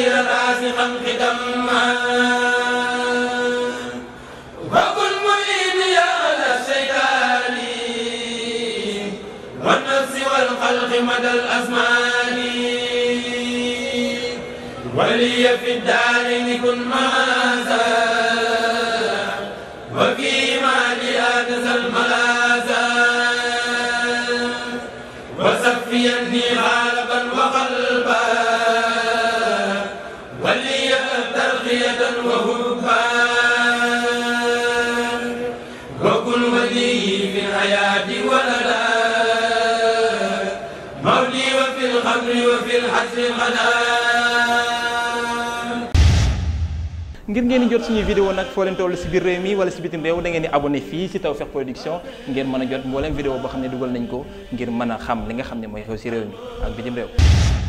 غير راسخا بدما وكن معين يا على الشيطان والنفس والخلق مدى الازمان ولي في الدارين كن مآزا وفي مالي آنس الملاذا وسفيني القبر وفي ngir ngeen jot suñuy vidéo nag foo leen toll si biir réew mi wala si bitim réew da ngeen di ne fii si Tawfekh Production ngeen mën a jot mbooleem vidéo boo xam ne dugal nañ ko ngir mën a xam li nga xam ne mooy xew si réew mi ak bitim réew